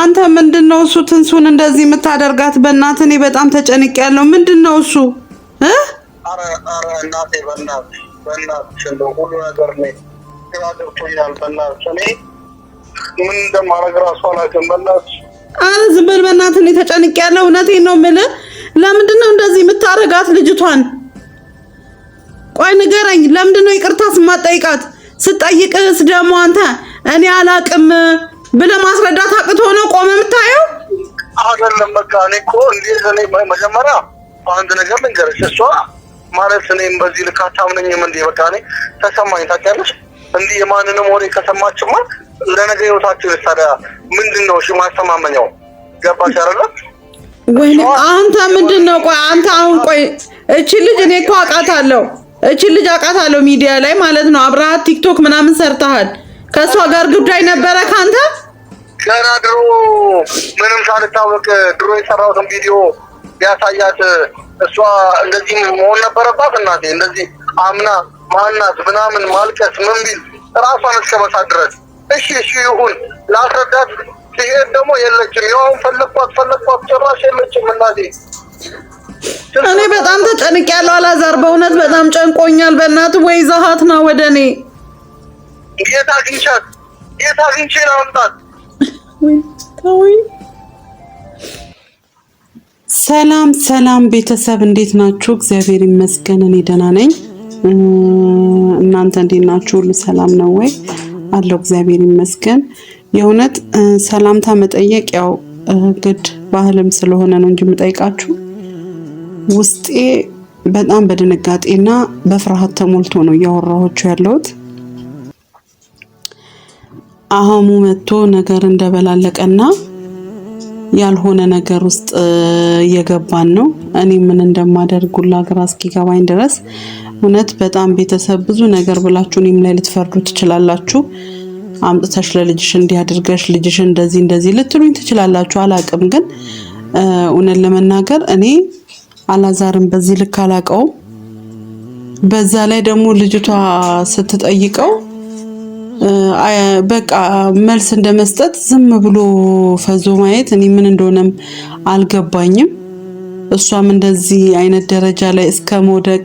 አንተ ምንድን ነው እሱ ትንሱን እንደዚህ የምታደርጋት? በእናት እኔ በጣም ተጨንቅ ያለው ምንድን ነው እሱ? አረ ዝም በል በእናት እኔ ተጨንቅ ያለው እውነቴን ነው የምልህ። ለምንድን ነው እንደዚህ የምታደርጋት ልጅቷን? ቆይ ንገረኝ። ለምንድን ነው ይቅርታስ የማትጠይቃት? ስጠይቅህስ ደግሞ አንተ እኔ አላቅም ብለህ ማስረዳት አቅቶ ነው ቆመ የምታየው? አይደለም በቃ እኔ እኮ እንዴት እኔ መጀመሪያ አንድ ነገር ልንገርሽ፣ እሷ ማለት እኔም በዚህ ልክ አታምነኝም እንዴ? በቃ እኔ ተሰማኝ። ታውቂያለሽ እንዲህ የማንንም ወሬ ከሰማችማ ለነገ ህይወታችን ታዲያ ምንድን ነው ማስተማመኛው? ገባሽ አይደለ? ወይኔ አንተ ምንድን ነው? ቆይ አንተ አሁን ቆይ እቺ ልጅ እኔ እኮ አውቃታለሁ፣ እቺ ልጅ አውቃታለሁ፣ ሚዲያ ላይ ማለት ነው። አብረሃት ቲክቶክ ምናምን ሰርተሃል። ከእሷ ጋር ጉዳይ ነበረ ከአንተ ገና ድሮ ምንም ሳልታወቅ ድሮ የሰራሁትን ቪዲዮ ቢያሳያት እሷ እንደዚህ መሆን ነበረባት። እናቴ እንደዚህ አምና ማናት ምናምን ማልቀስ ምን ቢል ራሷን እስከ መሳት ድረስ እሺ እሺ ይሁን ላስረዳት ሲሄድ ደግሞ የለችም። ያውን ፈለግኳት ፈለግኳት ጭራሽ የለችም እናቴ። እኔ በጣም ተጨንቅ ያለው አላዛር፣ በእውነት በጣም ጨንቆኛል። በእናት ወይ ዛሀት ና ወደ እኔ ጌታ አግኝቻት ጌታ አግኝቼ ላምጣት ሰላም ሰላም ቤተሰብ እንዴት ናችሁ? እግዚአብሔር ይመስገን እኔ ደህና ነኝ። እናንተ እንዴት ናችሁ? ሁሉ ሰላም ነው ወይ? አለው እግዚአብሔር ይመስገን። የእውነት ሰላምታ መጠየቅ ያው ግድ ባህልም ስለሆነ ነው እንጂ የምጠይቃችሁ ውስጤ በጣም በድንጋጤና በፍርሃት ተሞልቶ ነው እያወራኋችሁ ያለሁት። አህሙ መጥቶ ነገር እንደበላለቀና ያልሆነ ነገር ውስጥ እየገባን ነው። እኔ ምን እንደማደርጉላ ሁላ ግራ እስኪገባኝ ድረስ እውነት በጣም ቤተሰብ ብዙ ነገር ብላችሁ እኔም ላይ ልትፈርዱ ትችላላችሁ። አምጥተሽ ለልጅሽ እንዲያድርገሽ ልጅሽ እንደዚህ እንደዚህ ልትሉኝ ትችላላችሁ። አላቅም ግን እውነት ለመናገር እኔ አላዛርም በዚህ ልክ አላቀውም። በዛ ላይ ደግሞ ልጅቷ ስትጠይቀው በቃ መልስ እንደመስጠት ዝም ብሎ ፈዞ ማየት እኔ ምን እንደሆነም አልገባኝም። እሷም እንደዚህ አይነት ደረጃ ላይ እስከ መውደቅ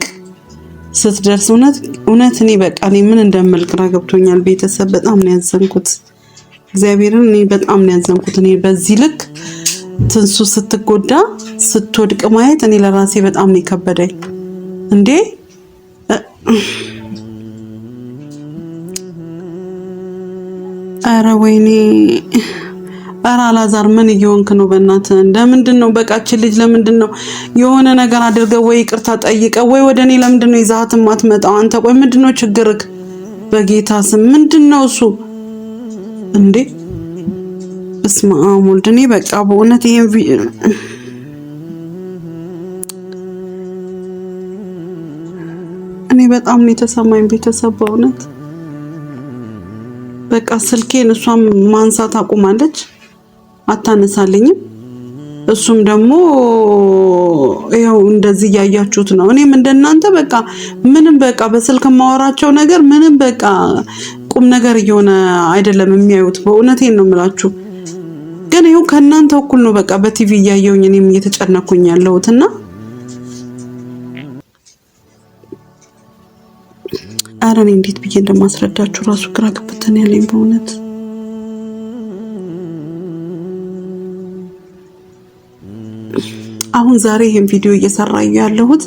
ስትደርስ እውነት እውነት እኔ በቃ እኔ ምን እንደምልቅና ገብቶኛል። ቤተሰብ በጣም ነው ያዘንኩት። እግዚአብሔርን እኔ በጣም ነው ያዘንኩት። እኔ በዚህ ልክ ትንሱ ስትጎዳ ስትወድቅ ማየት እኔ ለራሴ በጣም ነው የከበደኝ እንዴ አረ ወይኔ! አረ አላዛር ምን እየሆንክ ነው? በእናት ለምንድን ነው በቃችን? ልጅ ለምንድን ነው የሆነ ነገር አድርገው ወይ ይቅርታ ጠይቀ ወይ ወደ እኔ ለምንድን ነው ይዛት የማትመጣው? አንተ ቆይ ምንድን ነው ችግርህ? በጌታ ስም ምንድን ነው እሱ እንዴ? እስማ ወልድ እኔ በቃ በእውነት ይሄን እኔ በጣም ነው የተሰማኝ ቤተሰብ በእውነት በቃ ስልኬን እሷም ማንሳት አቁማለች፣ አታነሳልኝም። እሱም ደግሞ ይኸው እንደዚህ እያያችሁት ነው። እኔም እንደናንተ በቃ ምንም በቃ በስልክ የማወራቸው ነገር ምንም በቃ ቁም ነገር እየሆነ አይደለም የሚያዩት። በእውነቴን ነው የምላችሁ። ግን ይኸው ከእናንተ እኩል ነው በቃ በቲቪ እያየውኝ እኔም እየተጨነኩኝ ያለሁት እና ኧረ እኔ እንዴት ብዬ እንደማስረዳችሁ ራሱ ግራ ግብትን ያለኝ በእውነት አሁን ዛሬ ይህን ቪዲዮ እየሰራ ያለሁት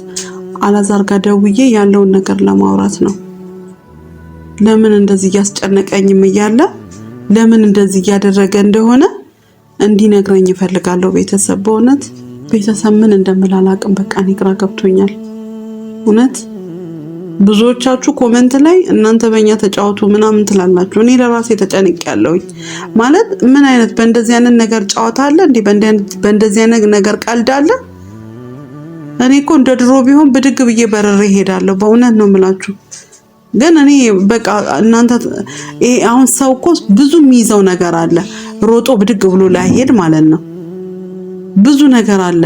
አላዛር ጋር ደውዬ ያለውን ነገር ለማውራት ነው። ለምን እንደዚህ እያስጨነቀኝም እያለ ለምን እንደዚህ እያደረገ እንደሆነ እንዲነግረኝ ይፈልጋለሁ ቤተሰብ በእውነት ቤተሰብ ምን እንደምላላቅም በቃ እኔ ግራ ገብቶኛል እውነት ብዙዎቻችሁ ኮመንት ላይ እናንተ በእኛ ተጫወቱ ምናምን ትላላችሁ። እኔ ለራሴ ተጨንቅ ያለውኝ ማለት ምን አይነት በእንደዚህ አይነት ነገር ጨዋታ አለ እንዴ? በእንደዚህ አይነት ነገር ቀልድ አለ? እኔ እኮ እንደ ድሮ ቢሆን ብድግ ብዬ በረሬ ሄዳለሁ። በእውነት ነው የምላችሁ። ግን እኔ በቃ እናንተ አሁን ሰው እኮ ብዙ የሚይዘው ነገር አለ። ሮጦ ብድግ ብሎ ላይሄድ ማለት ነው። ብዙ ነገር አለ።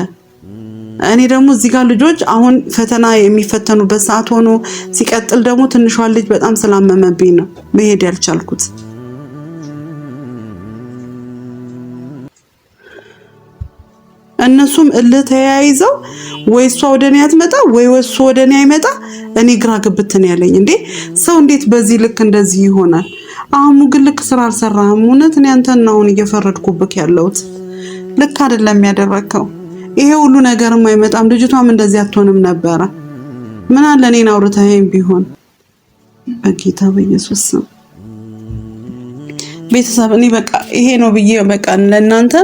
እኔ ደግሞ እዚህ ጋር ልጆች አሁን ፈተና የሚፈተኑበት ሰዓት ሆኖ ሲቀጥል ደግሞ ትንሿን ልጅ በጣም ስላመመብኝ ነው መሄድ ያልቻልኩት። እነሱም እልህ ተያይዘው ወይ እሷ ወደ እኔ አትመጣ ወይ ወሱ ወደ እኔ አይመጣ። እኔ ግራ ግብትን ያለኝ እንዴ ሰው እንዴት በዚህ ልክ እንደዚህ ይሆናል? አሁኑ ግን ልክ ስራ አልሰራህም። እውነት እኔ አንተን አሁን እየፈረድኩብክ ያለሁት ልክ አይደለም ያደረግከው ይሄ ሁሉ ነገርም አይመጣም። ልጅቷም እንደዚህ አትሆንም ነበረ። ምን አለ እኔን አውርተኸኝ ቢሆን። በጌታ በኢየሱስ ስም ቤተሰብ እኔ በቃ ይሄ ነው ብዬ በቃ ለእናንተ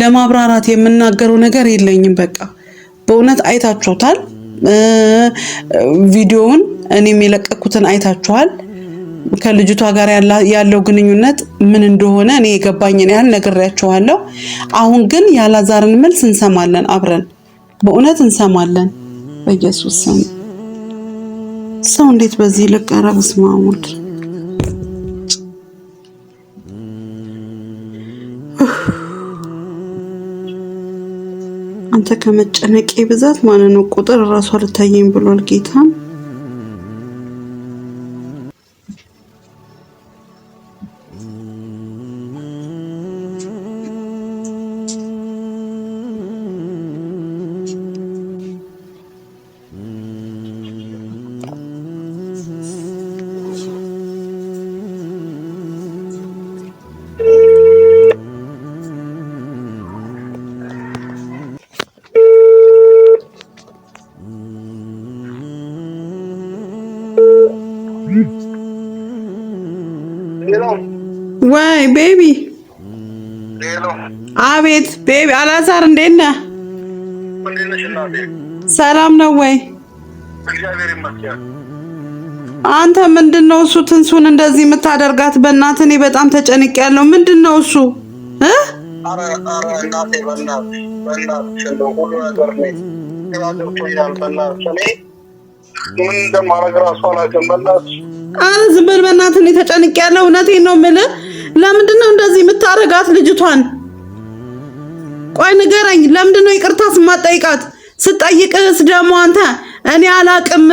ለማብራራት የምናገረው ነገር የለኝም። በቃ በእውነት አይታችሁታል ቪዲዮውን እኔም የለቀኩትን አይታችኋል። ከልጅቷ ጋር ያለው ግንኙነት ምን እንደሆነ እኔ የገባኝን ያህል ነግሬያችኋለሁ። አሁን ግን ያላዛርን መልስ እንሰማለን፣ አብረን በእውነት እንሰማለን። በኢየሱስ ስም ሰው እንዴት በዚህ ልክ ኧረ አንተ ከመጨነቄ ብዛት ማንን ቁጥር እራሷ ልታየኝ ብሏል ጌታን ዋይ ቤቢ አቤት ቤቢ አላዛር እንዴት ነህ? ሰላም ነው ወይ? አንተ ምንድን ነው እሱ ትንሱን እንደዚህ የምታደርጋት? በእናትህ እኔ በጣም ተጨንቅ ያለው ምንድን ነው እሱ እ ምን እንደማደርግ ራሱ አላውቅም። በእናትህ ኧረ ዝም በል በእናትህ እኔ ተጨንቅ ያለው እውነቴን ነው የምልህ ለምንድን ነው እንደዚህ የምታረጋት ልጅቷን? ቆይ ንገረኝ። ለምንድን ነው ይቅርታስ የማትጠይቃት? ስጠይቅስ ደግሞ አንተ እኔ አላቅም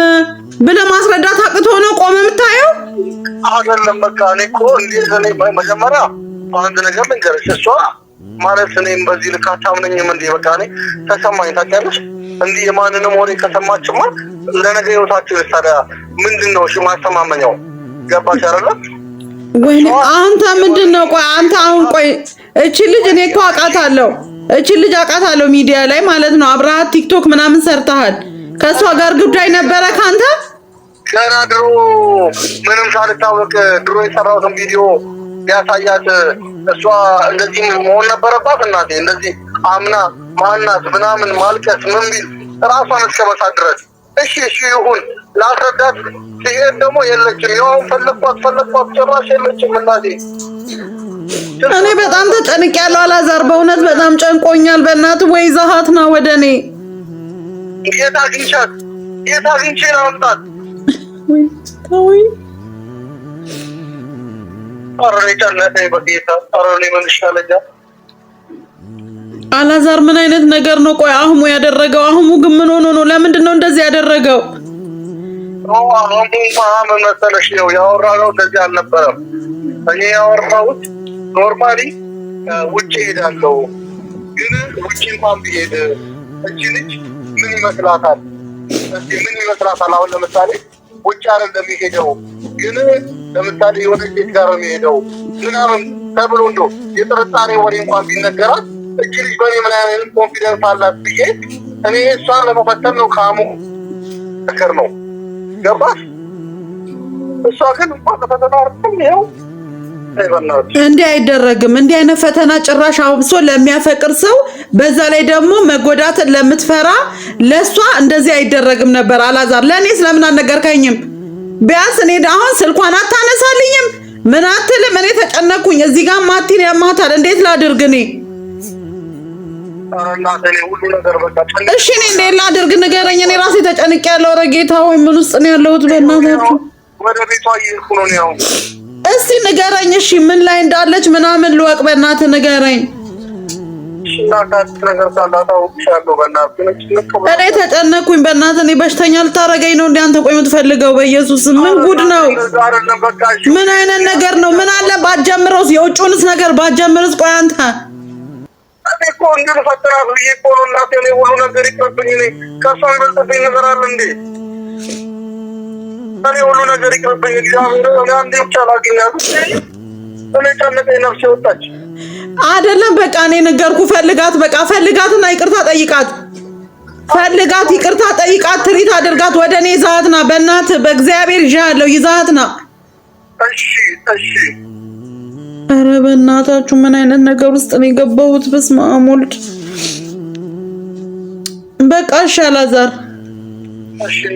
ብለህ ማስረዳት አቅቶ ነው ቆመ የምታየው? አይደለም በቃ እኔ እኮ እንዴት እኔ መጀመሪያ አንድ ነገር ልንገርሽ፣ እሷ ማለት እኔም በዚህ ልክ አታምነኝም። እንዲህ በቃ እኔ ተሰማኝ። ታውቂያለሽ እንዲህ የማንንም ወሬ ከሰማችማ ለነገ ህይወታችን ታዲያ ምንድን ነው እሺ ማስተማመኛው? ገባሽ አይደለም ወይኔ አንተ ምንድን ነው? ቆይ አንተ አሁን ቆይ እቺ ልጅ እኔ እኮ አውቃታለሁ። እቺ ልጅ አውቃታለሁ ሚዲያ ላይ ማለት ነው። አብረሃት ቲክቶክ ምናምን ሰርተሃል። ከእሷ ጋር ጉዳይ ነበረ ከአንተ ገና ድሮ ምንም ሳልታወቅ ድሮ የሰራሁትን ቪዲዮ ያሳያት እሷ እንደዚህ መሆን ነበረባት። እናቴ እንደዚህ አምና ማናት ምናምን ማልቀስ ምን ቢል ራሷን እስከመሳት ድረስ እሺ እሺ ይሁን ላስረዳት ሲሄድ ደግሞ የለችም። ይኸው ፈለግኳት ፈለግኳት ጭራሽ የለችም እናቴ። እኔ በጣም ተጨንቅ ያለው አላዛር፣ በእውነት በጣም ጨንቆኛል። በእናት ወይ ዛሃት ና ወደ እኔ የት አግኝቻት የት አግኝቼ ላምጣት? ኧረ ጨነቀኝ በጌታ ኧረ ምን ይሻለኛል? አላዛር ምን አይነት ነገር ነው? ቆይ አህሙ ያደረገው አህሙ ግን ምን ሆኖ ነው? ለምንድን ነው እንደዚህ ያደረገው? አሁን መሰለሽ ነው ያወራነው፣ እንደዚህ አልነበረም። እኔ ያወራሁት ኖርማሊ ውጭ ሄዳለሁ፣ ግን ውጭ እንኳን ብሄድ እቺ ልጅ ምን ይመስላታል? ምን ይመስላታል? አሁን ለምሳሌ ውጭ ግን ለምሳሌ የሆነ ሴት ጋር የሚሄደው ምናምን ተብሎ እንደው የጥርጣሬ ወሬ እንኳን ቢነገራት እቺ ልጅ በእኔ ምን አይነት ኮንፊደንስ አላት ብዬ እኔ እሷን ለመፈተን ነው ነው ገባ። እሷ ግን እንኳን ፈተና ይው እንዲህ አይደረግም። እንዲህ አይነት ፈተና ጭራሽ አውብሶ ለሚያፈቅር ሰው በዛ ላይ ደግሞ መጎዳትን ለምትፈራ ለእሷ እንደዚህ አይደረግም ነበር። አላዛር ለእኔ ስለምን አልነገርከኝም? ቢያንስ እኔ አሁን ስልኳን አታነሳልኝም? ምን አትልም? እኔ ተጨነኩኝ። እዚህ ጋር ማቲን ያማታል። እንዴት ላድርግ እኔ እሺ እኔ እንዴት ላድርግ ንገረኝ። እኔ ራሴ ተጨንቅ ያለው ኧረ ጌታ ሆይ ምን ውስጥ ነው ያለሁት? በእናታችሁ እስቲ ንገረኝ። እሺ ምን ላይ እንዳለች ምናምን ልወቅ። በእናትህ ንገረኝ። እኔ ተጨነኩኝ። በእናትህ እኔ በሽተኛ ልታረገኝ ነው። እንደ አንተ ቆይ የምትፈልገው በኢየሱስ ምን ጉድ ነው? ምን አይነት ነገር ነው? ምን አለ ባትጀምረውስ? የውጭውንስ ነገር ባትጀምርስ? ቆይ አንተ እንዲሁ ፈጠራት ብዬ እኮ ነው እናቴ። እኔ ሁሉ ነገር ይቅርብኝ። እኔ ከእሷ ይበልጥብኝ ነገር አለ እንዴ? እኔ ሁሉ ነገር ይቅርብኝ። እግዚአብሔር አንዴ ብቻ ላገኛት። እኔ ጨነቀኝ፣ ነፍሴ ወጣች። አይደለም በቃ እኔ ነገርኩ። ፈልጋት፣ በቃ ፈልጋትና ይቅርታ ጠይቃት ፈልጋት ይቅርታ ጠይቃት፣ ትሪት አድርጋት። ወደ እኔ ይዛትና በእናት በእግዚአብሔር ይዣለሁ፣ ይዛትና እሺ፣ እሺ ኧረ በእናታችሁ ምን አይነት ነገር ውስጥ ነው የገባሁት? በስመ አብ ወልድ። በቃ እሺ አላዛር እሺ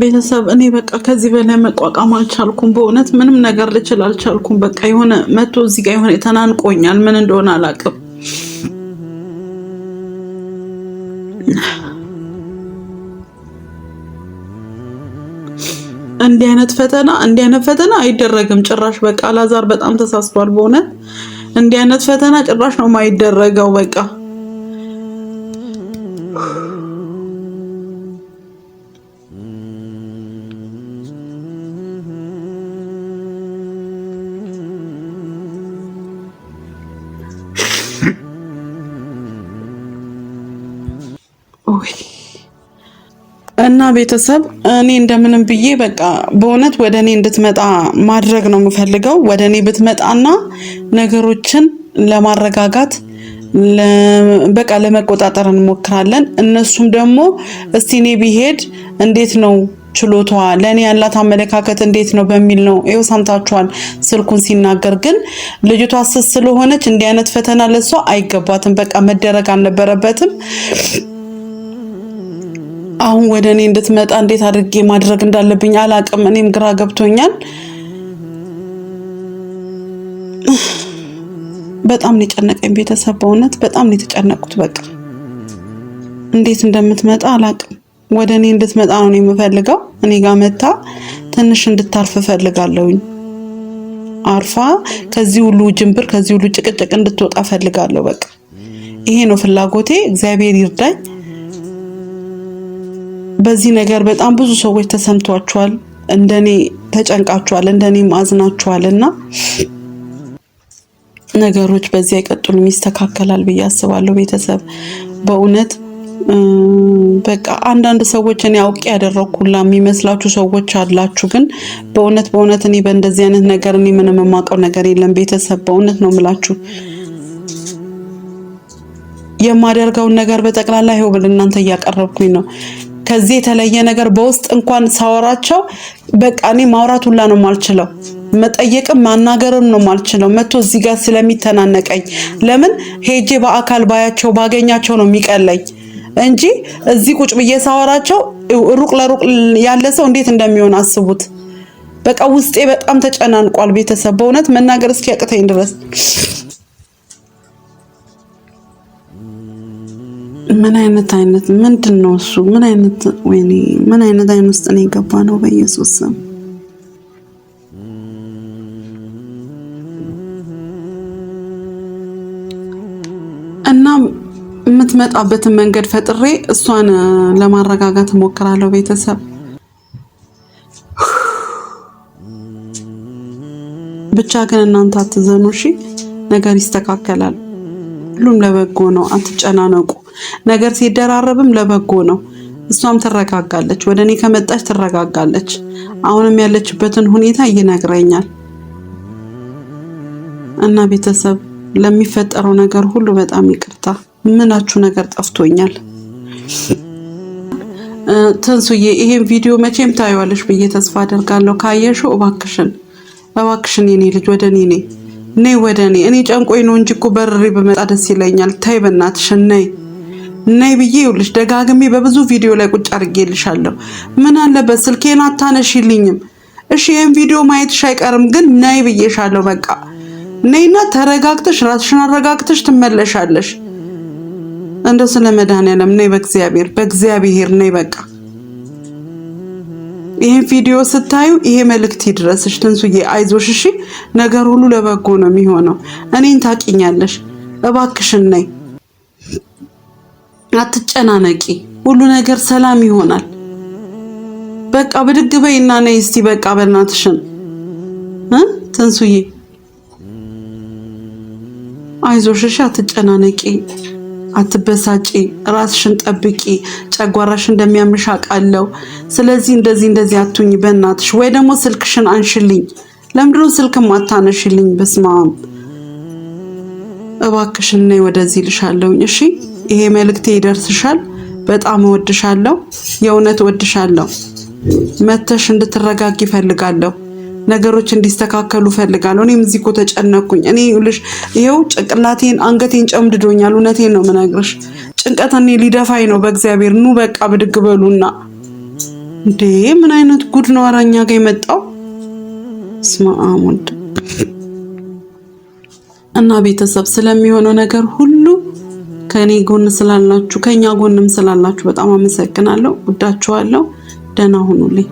ቤተሰብ እኔ በቃ ከዚህ በላይ መቋቋም አልቻልኩም። በእውነት ምንም ነገር ልችል አልቻልኩም። በቃ የሆነ መቶ እዚህ ጋር የሆነ ተናንቆኛል። ምን እንደሆነ አላውቅም። እንዲህ አይነት ፈተና እንዲህ አይነት ፈተና አይደረግም ጭራሽ። በቃ አላዛር በጣም ተሳስቷል። በእውነት እንዲህ አይነት ፈተና ጭራሽ ነው የማይደረገው በቃ እና ቤተሰብ እኔ እንደምንም ብዬ በቃ በእውነት ወደ እኔ እንድትመጣ ማድረግ ነው የምፈልገው። ወደ እኔ ብትመጣና ነገሮችን ለማረጋጋት በቃ ለመቆጣጠር እንሞክራለን። እነሱም ደግሞ እስቲ እኔ ቢሄድ እንዴት ነው ችሎቷ ለእኔ ያላት አመለካከት እንዴት ነው በሚል ነው። ይኸው ሰምታችኋል ስልኩን ሲናገር። ግን ልጅቷ ስስ ስለሆነች እንዲህ አይነት ፈተና ለሷ አይገባትም። በቃ መደረግ አልነበረበትም። አሁን ወደ እኔ እንድትመጣ እንዴት አድርጌ ማድረግ እንዳለብኝ አላቅም። እኔም ግራ ገብቶኛል። በጣም ነው የጨነቀኝ ቤተሰብ፣ በእውነት በጣም ነው የተጨነቁት። በቃ እንዴት እንደምትመጣ አላቅም። ወደ እኔ እንድትመጣ ነው የምፈልገው። እኔ ጋር መታ ትንሽ እንድታርፍ እፈልጋለሁኝ። አርፋ ከዚህ ሁሉ ጅንብር፣ ከዚህ ሁሉ ጭቅጭቅ እንድትወጣ እፈልጋለሁ። በቃ ይሄ ነው ፍላጎቴ። እግዚአብሔር ይርዳኝ። በዚህ ነገር በጣም ብዙ ሰዎች ተሰምቷቸዋል፣ እንደኔ ተጨንቃቸዋል፣ እንደኔም አዝናቸዋል እና ነገሮች በዚህ አይቀጥሉም፣ ይስተካከላል ብዬ አስባለሁ። ቤተሰብ በእውነት በቃ አንዳንድ ሰዎች እኔ አውቄ ያደረግኩ ሁላ የሚመስላችሁ ሰዎች አላችሁ። ግን በእውነት በእውነት እኔ በእንደዚህ አይነት ነገር እኔ ምንም የማውቀው ነገር የለም። ቤተሰብ በእውነት ነው የምላችሁ የማደርገውን ነገር በጠቅላላ ይኸው ብል እናንተ እያቀረብኩኝ ነው። ከዚህ የተለየ ነገር በውስጥ እንኳን ሳወራቸው በቃ እኔ ማውራት ሁላ ነው ማልችለው መጠየቅም ማናገርም ነው ማልችለው። መቶ እዚህ ጋር ስለሚተናነቀኝ ለምን ሄጄ በአካል ባያቸው ባገኛቸው ነው የሚቀለኝ እንጂ እዚህ ቁጭ ብዬ ሳወራቸው ሩቅ ለሩቅ ያለ ሰው እንዴት እንደሚሆን አስቡት። በቃ ውስጤ በጣም ተጨናንቋል። ቤተሰብ በእውነት መናገር እስኪያቅተኝ ድረስ ምን አይነት አይነት ምንድን ነው እሱ? ምን አይነት ወይኔ፣ ምን አይነት አይነት ውስጥ ነው የገባ ነው? በኢየሱስ ስም እና የምትመጣበትን መንገድ ፈጥሬ እሷን ለማረጋጋት እሞክራለሁ። ቤተሰብ ብቻ ግን እናንተ አትዘኑ እሺ። ነገር ይስተካከላል። ሁሉም ለበጎ ነው። አትጨናነቁ። ነገር ሲደራረብም ለበጎ ነው። እሷም ትረጋጋለች። ወደ እኔ ከመጣች ትረጋጋለች። አሁንም ያለችበትን ሁኔታ ይነግረኛል እና ቤተሰብ ለሚፈጠረው ነገር ሁሉ በጣም ይቅርታ። ምናችሁ ነገር ጠፍቶኛል። ትንሱዬ ይሄን ቪዲዮ መቼም ታዩዋለሽ ብዬ ተስፋ አደርጋለሁ። ካየሽው እባክሽን እባክሽን የኔ ልጅ ወደ እኔ ነይ ነይ ወደ እኔ እኔ ጨንቆኝ ነው እንጂ እኮ በርሬ በመጣ ደስ ይለኛል። ተይ በእናትሽን ነይ ነይ ብዬ ይኸውልሽ ደጋግሜ በብዙ ቪዲዮ ላይ ቁጭ አድርጌልሻለሁ። ምን አለበት ስልኬን አታነሺልኝም? እሺ ይህን ቪዲዮ ማየትሽ አይቀርም፣ ግን ነይ ብዬሻለሁ። በቃ ነይና ተረጋግተሽ ራስሽን አረጋግተሽ ትመለሻለሽ። እንደ ስለ መድኃኒዓለም ነይ፣ በእግዚአብሔር በእግዚአብሔር ነይ። በቃ ይህን ቪዲዮ ስታዩ ይሄ መልእክት ይድረስሽ። ትንሱዬ አይዞሽ እሺ። ነገር ሁሉ ለበጎ ነው የሚሆነው። እኔን ታቂኛለሽ። እባክሽን ነይ። አትጨናነቂ፣ ሁሉ ነገር ሰላም ይሆናል። በቃ ብድግ በይና ነይ እስቲ በቃ በእናትሽን እ ትንሱዬ አይዞሽ እሺ፣ አትጨናነቂ፣ አትበሳጪ፣ ራስሽን ጠብቂ። ጨጓራሽ እንደሚያምሽ አውቃለሁ። ስለዚህ እንደዚህ እንደዚህ አትሁኝ በእናትሽ። ወይ ደግሞ ስልክሽን አንሽልኝ። ለምንድን ስልክ ማታነሽልኝ? በስማም እባክሽን ነይ ወደዚህ ልሻለሁኝ። እሺ ይሄ መልእክቴ ይደርስሻል። በጣም እወድሻለሁ፣ የእውነት እወድሻለሁ። መተሽ እንድትረጋግ ይፈልጋለሁ። ነገሮች እንዲስተካከሉ ፈልጋለሁ። እኔም እዚህ እኮ ተጨነኩኝ። እኔ ይኸውልሽ፣ ይኸው ጭንቅላቴን አንገቴን ጨምድዶኛል። እውነቴን ነው የምነግርሽ። ጭንቀት እኔ ሊደፋኝ ነው። በእግዚአብሔር ኑ በቃ ብድግ በሉና። እንዴ ምን አይነት ጉድ ነው አራኛ ጋር የመጣው? ስማ እና ቤተሰብ ስለሚሆነው ነገር ሁሉ ከእኔ ጎን ስላላችሁ ከእኛ ጎንም ስላላችሁ በጣም አመሰግናለሁ። ውዳችኋለሁ። ደህና ሁኑልኝ።